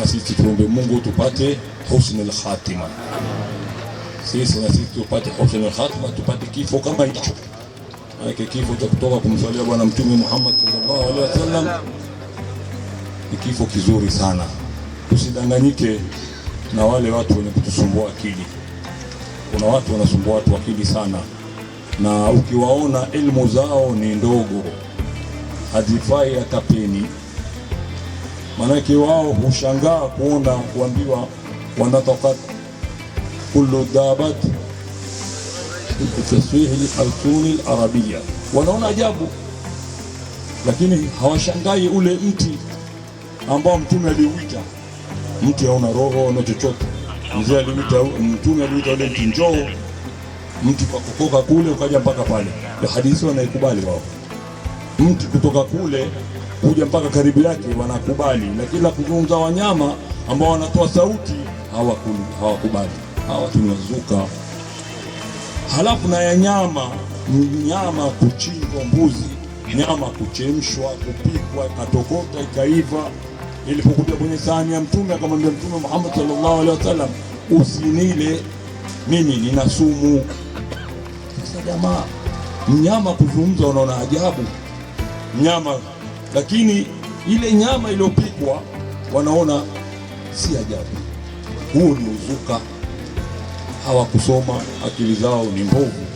na sisi tuombe Mungu tupate husnul khatima, sisi na sisi tupate husnul khatima, tupate kifo kama hicho, maana kifo cha kutoka kumswalia Bwana Mtume Muhammad sallallahu alaihi wasallam ni kifo kizuri sana. Tusidanganyike na wale watu wenye kutusumbua akili. Kuna watu wanasumbua watu akili sana, na ukiwaona elimu zao ni ndogo, hazifai hata peni Maanake wao hushangaa kuona kuambiwa wanatoka kullu dabat taswihi altuni larabia, wanaona ajabu, lakini hawashangai ule mti ambao mtume aliuita mti hauna roho na chochote. Mzee aliuita mtume aliuita ule mti njoo, mti kakokoka kule ukaja mpaka pale. Hadithi wanaikubali wao, mti kutoka kule kuja mpaka karibu yake wanakubali, lakini la kuzungumza wanyama ambao wanatoa sauti hawakubali, hawa tunazuka. Halafu na ya nyama nyama kuchinjwa, mbuzi, nyama kuchemshwa, kupikwa, ikatokota, ikaiva, ilipokuja kwenye sahani ya Mtume akamwambia Mtume Muhammad sallallahu alaihi wasallam, usinile mimi nina sumu. Sasa jamaa, mnyama kuzungumza, unaona ajabu mnyama lakini ile nyama iliyopikwa wanaona si ajabu. Huo ni uzuka. Hawakusoma, akili zao ni mbovu,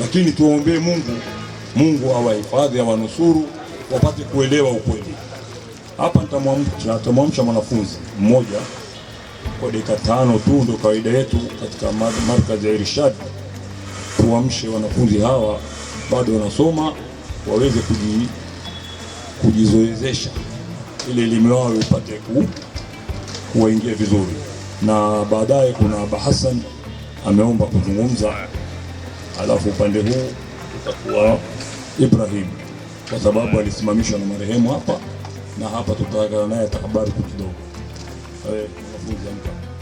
lakini tuwaombee Mungu, Mungu awahifadhi, awanusuru, wapate kuelewa ukweli. Hapa nitamwamsha mwanafunzi mmoja kwa dakika tano tu, ndio kawaida yetu katika markazi ya Irshad. Tuamshe wanafunzi hawa, bado wanasoma, waweze kuji kujizoezesha ili elimu yao ipate kuwaingia vizuri, na baadaye kuna Hassan ameomba kuzungumza, alafu upande huu utakuwa Ibrahim kwa sababu alisimamishwa na marehemu hapa, na hapa tutakaa naye tahabari kidogo. Eh,